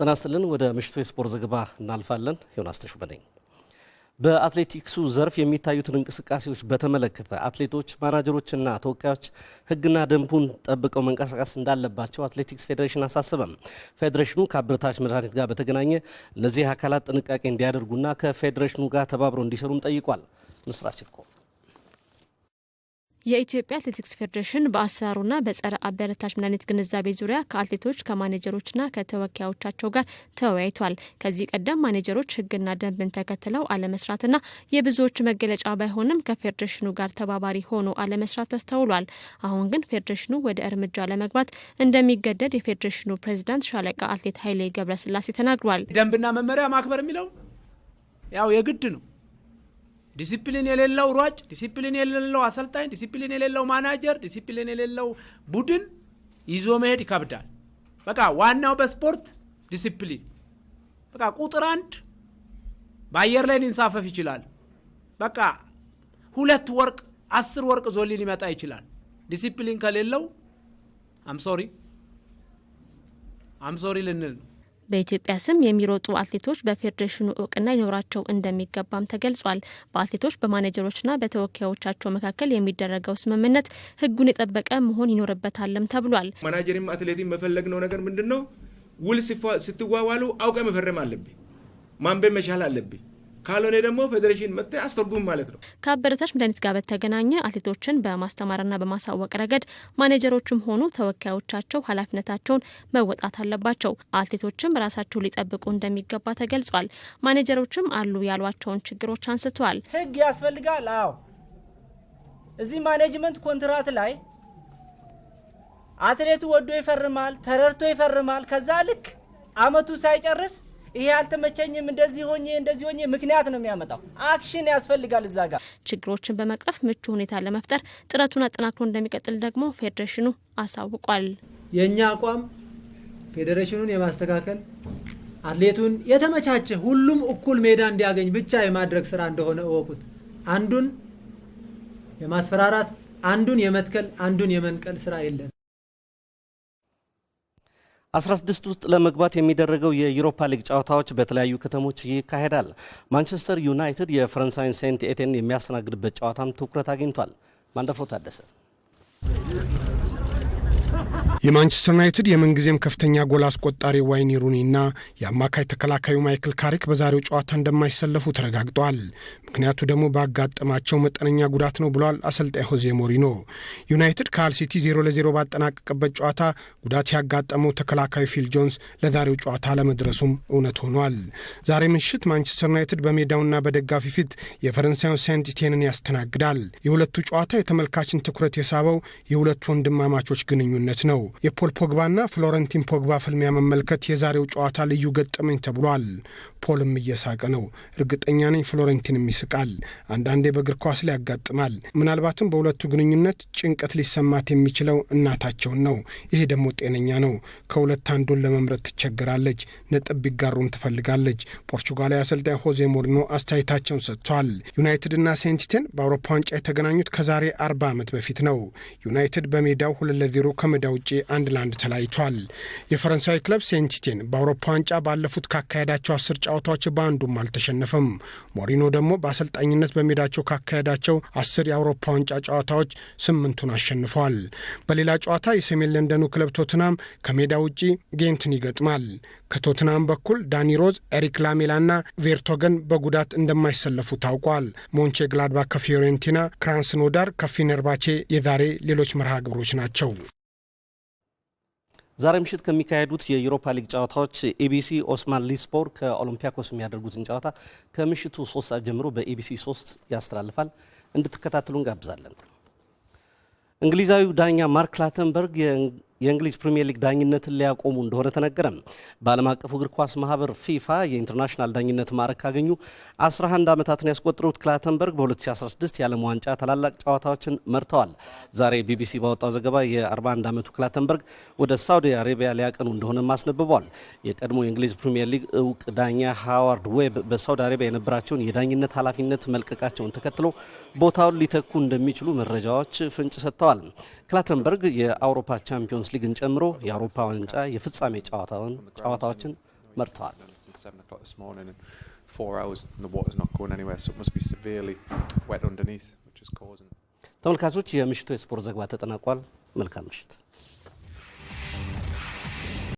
ጤና ይስጥልን። ወደ ምሽቱ የስፖርት ዘገባ እናልፋለን። ዮናስ ተሹበ ነኝ። በአትሌቲክሱ ዘርፍ የሚታዩትን እንቅስቃሴዎች በተመለከተ አትሌቶች፣ ማናጀሮችና ተወካዮች ሕግና ደንቡን ጠብቀው መንቀሳቀስ እንዳለባቸው አትሌቲክስ ፌዴሬሽን አሳስበም ፌዴሬሽኑ ከአበረታች መድኃኒት ጋር በተገናኘ እነዚህ አካላት ጥንቃቄ እንዲያደርጉና ከፌዴሬሽኑ ጋር ተባብረው እንዲሰሩም ጠይቋል። ምስራች የኢትዮጵያ አትሌቲክስ ፌዴሬሽን በአሰራሩና በጸረ አበረታች መድኃኒት ግንዛቤ ዙሪያ ከአትሌቶች ከማኔጀሮችና ከተወካዮቻቸው ጋር ተወያይቷል። ከዚህ ቀደም ማኔጀሮች ሕግና ደንብን ተከትለው አለመስራትና የብዙዎች መገለጫ ባይሆንም ከፌዴሬሽኑ ጋር ተባባሪ ሆኖ አለመስራት ተስተውሏል። አሁን ግን ፌዴሬሽኑ ወደ እርምጃ ለመግባት እንደሚገደድ የፌዴሬሽኑ ፕሬዚዳንት ሻለቃ አትሌት ኃይሌ ገብረስላሴ ተናግሯል። ደንብና መመሪያ ማክበር የሚለው ያው የግድ ነው ዲሲፕሊን የሌለው ሯጭ፣ ዲሲፕሊን የሌለው አሰልጣኝ፣ ዲሲፕሊን የሌለው ማናጀር፣ ዲሲፕሊን የሌለው ቡድን ይዞ መሄድ ይከብዳል። በቃ ዋናው በስፖርት ዲሲፕሊን በቃ ቁጥር አንድ በአየር ላይ ሊንሳፈፍ ይችላል። በቃ ሁለት ወርቅ አስር ወርቅ ዞሊ ሊመጣ ይችላል። ዲሲፕሊን ከሌለው አምሶሪ አምሶሪ ልንል ነው። በኢትዮጵያ ስም የሚሮጡ አትሌቶች በፌዴሬሽኑ እውቅና ሊኖራቸው እንደሚገባም ተገልጿል። በአትሌቶች በማኔጀሮችና በተወካዮቻቸው መካከል የሚደረገው ስምምነት ሕጉን የጠበቀ መሆን ይኖርበታልም ተብሏል። ማናጀርም መፈለግ ነው ነገር ምንድን ነው ውል ስትዋዋሉ አውቀ መፈረም አለብ ማንበብ መቻል አለብ? ካልሆነ ደግሞ ፌዴሬሽን መጥተ አስተርጉም ማለት ነው። ከአበረታች መድኃኒት ጋር በተገናኘ አትሌቶችን በማስተማርና በማሳወቅ ረገድ ማኔጀሮችም ሆኑ ተወካዮቻቸው ኃላፊነታቸውን መወጣት አለባቸው። አትሌቶችም ራሳቸው ሊጠብቁ እንደሚገባ ተገልጿል። ማኔጀሮችም አሉ ያሏቸውን ችግሮች አንስተዋል። ህግ ያስፈልጋል። አዎ እዚህ ማኔጅመንት ኮንትራት ላይ አትሌቱ ወዶ ይፈርማል፣ ተረድቶ ይፈርማል። ከዛ ልክ አመቱ ሳይጨርስ ይሄ አልተመቸኝም፣ እንደዚህ ሆኜ እንደዚህ ሆኜ ምክንያት ነው የሚያመጣው። አክሽን ያስፈልጋል እዛ ጋር። ችግሮችን በመቅረፍ ምቹ ሁኔታ ለመፍጠር ጥረቱን አጠናክሮ እንደሚቀጥል ደግሞ ፌዴሬሽኑ አሳውቋል። የእኛ አቋም ፌዴሬሽኑን የማስተካከል አትሌቱን የተመቻቸ ሁሉም እኩል ሜዳ እንዲያገኝ ብቻ የማድረግ ስራ እንደሆነ እወቁት። አንዱን የማስፈራራት፣ አንዱን የመትከል፣ አንዱን የመንቀል ስራ የለም። 16 ውስጥ ለመግባት የሚደረገው የዩሮፓ ሊግ ጨዋታዎች በተለያዩ ከተሞች ይካሄዳል። ማንቸስተር ዩናይትድ የፈረንሳይን ሴንት ኤቴን የሚያስተናግድበት ጨዋታም ትኩረት አግኝቷል። ማንደፍሮ ታደሰ የማንቸስተር ዩናይትድ የምንጊዜም ከፍተኛ ጎል አስቆጣሪ ዋይኒ ሩኒና የአማካይ ተከላካዩ ማይክል ካሪክ በዛሬው ጨዋታ እንደማይሰለፉ ተረጋግጧል። ምክንያቱ ደግሞ ባጋጠማቸው መጠነኛ ጉዳት ነው ብሏል አሰልጣኝ ሆዜ ሞሪኖ። ዩናይትድ ከአል ሲቲ ዜሮ ለዜሮ ባጠናቀቀበት ጨዋታ ጉዳት ያጋጠመው ተከላካዩ ፊል ጆንስ ለዛሬው ጨዋታ ለመድረሱም እውነት ሆኗል። ዛሬ ምሽት ማንቸስተር ዩናይትድ በሜዳውና በደጋፊ ፊት የፈረንሳዩ ሳንት ያስተናግዳል። የሁለቱ ጨዋታ የተመልካችን ትኩረት የሳበው የሁለቱ ወንድማማቾች ግንኙ ልዩነት ነው። የፖል ፖግባና ፍሎረንቲን ፖግባ ፍልሚያ መመልከት የዛሬው ጨዋታ ልዩ ገጠመኝ ተብሏል። ፖልም እየሳቀ ነው። እርግጠኛ ነኝ ፍሎረንቲንም ይስቃል። አንዳንዴ በእግር ኳስ ላይ ያጋጥማል። ምናልባትም በሁለቱ ግንኙነት ጭንቀት ሊሰማት የሚችለው እናታቸውን ነው። ይሄ ደግሞ ጤነኛ ነው። ከሁለት አንዱን ለመምረጥ ትቸግራለች። ነጥብ ቢጋሩም ትፈልጋለች። ፖርቹጋላዊ አሰልጣኝ ሆዜ ሞሪኖ አስተያየታቸውን ሰጥቷል። ዩናይትድና ሴንቲቴን በአውሮፓ ዋንጫ የተገናኙት ከዛሬ አርባ ዓመት በፊት ነው። ዩናይትድ በሜዳው ሁለት ለዜሮ ከሜዳ ውጪ አንድ ለአንድ ተለያይቷል። የፈረንሳይ ክለብ ሴንቲቴን በአውሮፓ ዋንጫ ባለፉት ካካሄዳቸው አስር ጨዋታዎች በአንዱም አልተሸነፈም። ሞሪኖ ደግሞ በአሰልጣኝነት በሜዳቸው ካካሄዳቸው አስር የአውሮፓ ዋንጫ ጨዋታዎች ስምንቱን አሸንፈዋል። በሌላ ጨዋታ የሰሜን ለንደኑ ክለብ ቶትናም ከሜዳ ውጪ ጌንትን ይገጥማል። ከቶትናም በኩል ዳኒ ሮዝ፣ ኤሪክ ላሜላና ቬርቶገን በጉዳት እንደማይሰለፉ ታውቋል። ሞንቼ ግላድባ ከፊዮሬንቲና፣ ክራንስኖዳር ከፊነርባቼ የዛሬ ሌሎች መርሃ ግብሮች ናቸው። ዛሬ ምሽት ከሚካሄዱት የዩሮፓ ሊግ ጨዋታዎች ኤቢሲ ኦስማን ሊስፖር ከኦሎምፒያኮስ የሚያደርጉትን ጨዋታ ከምሽቱ ሶስት ሰዓት ጀምሮ በኤቢሲ ሶስት ያስተላልፋል። እንድትከታተሉ እንጋብዛለን። እንግሊዛዊው ዳኛ ማርክ ላተንበርግ የእንግሊዝ ፕሪምየር ሊግ ዳኝነትን ሊያቆሙ እንደሆነ ተነገረ። በዓለም አቀፉ እግር ኳስ ማህበር ፊፋ የኢንተርናሽናል ዳኝነት ማዕረግ ካገኙ 11 ዓመታትን ያስቆጠሩት ክላተንበርግ በ2016 የዓለም ዋንጫ ታላላቅ ጨዋታዎችን መርተዋል። ዛሬ ቢቢሲ ባወጣው ዘገባ የ41 ዓመቱ ክላተንበርግ ወደ ሳውዲ አረቢያ ሊያቀኑ እንደሆነ አስነብቧል። የቀድሞ የእንግሊዝ ፕሪምየር ሊግ እውቅ ዳኛ ሃዋርድ ዌብ በሳውዲ አረቢያ የነበራቸውን የዳኝነት ኃላፊነት መልቀቃቸውን ተከትሎ ቦታውን ሊተኩ እንደሚችሉ መረጃዎች ፍንጭ ሰጥተዋል። ክላተንበርግ የአውሮፓ ቻምፒዮን ቻምፒዮንስ ሊግን ጨምሮ የአውሮፓ ዋንጫ የፍጻሜ ጨዋታዎችን መርተዋል። ተመልካቾች፣ የምሽቱ የስፖርት ዘገባ ተጠናቋል። መልካም ምሽት።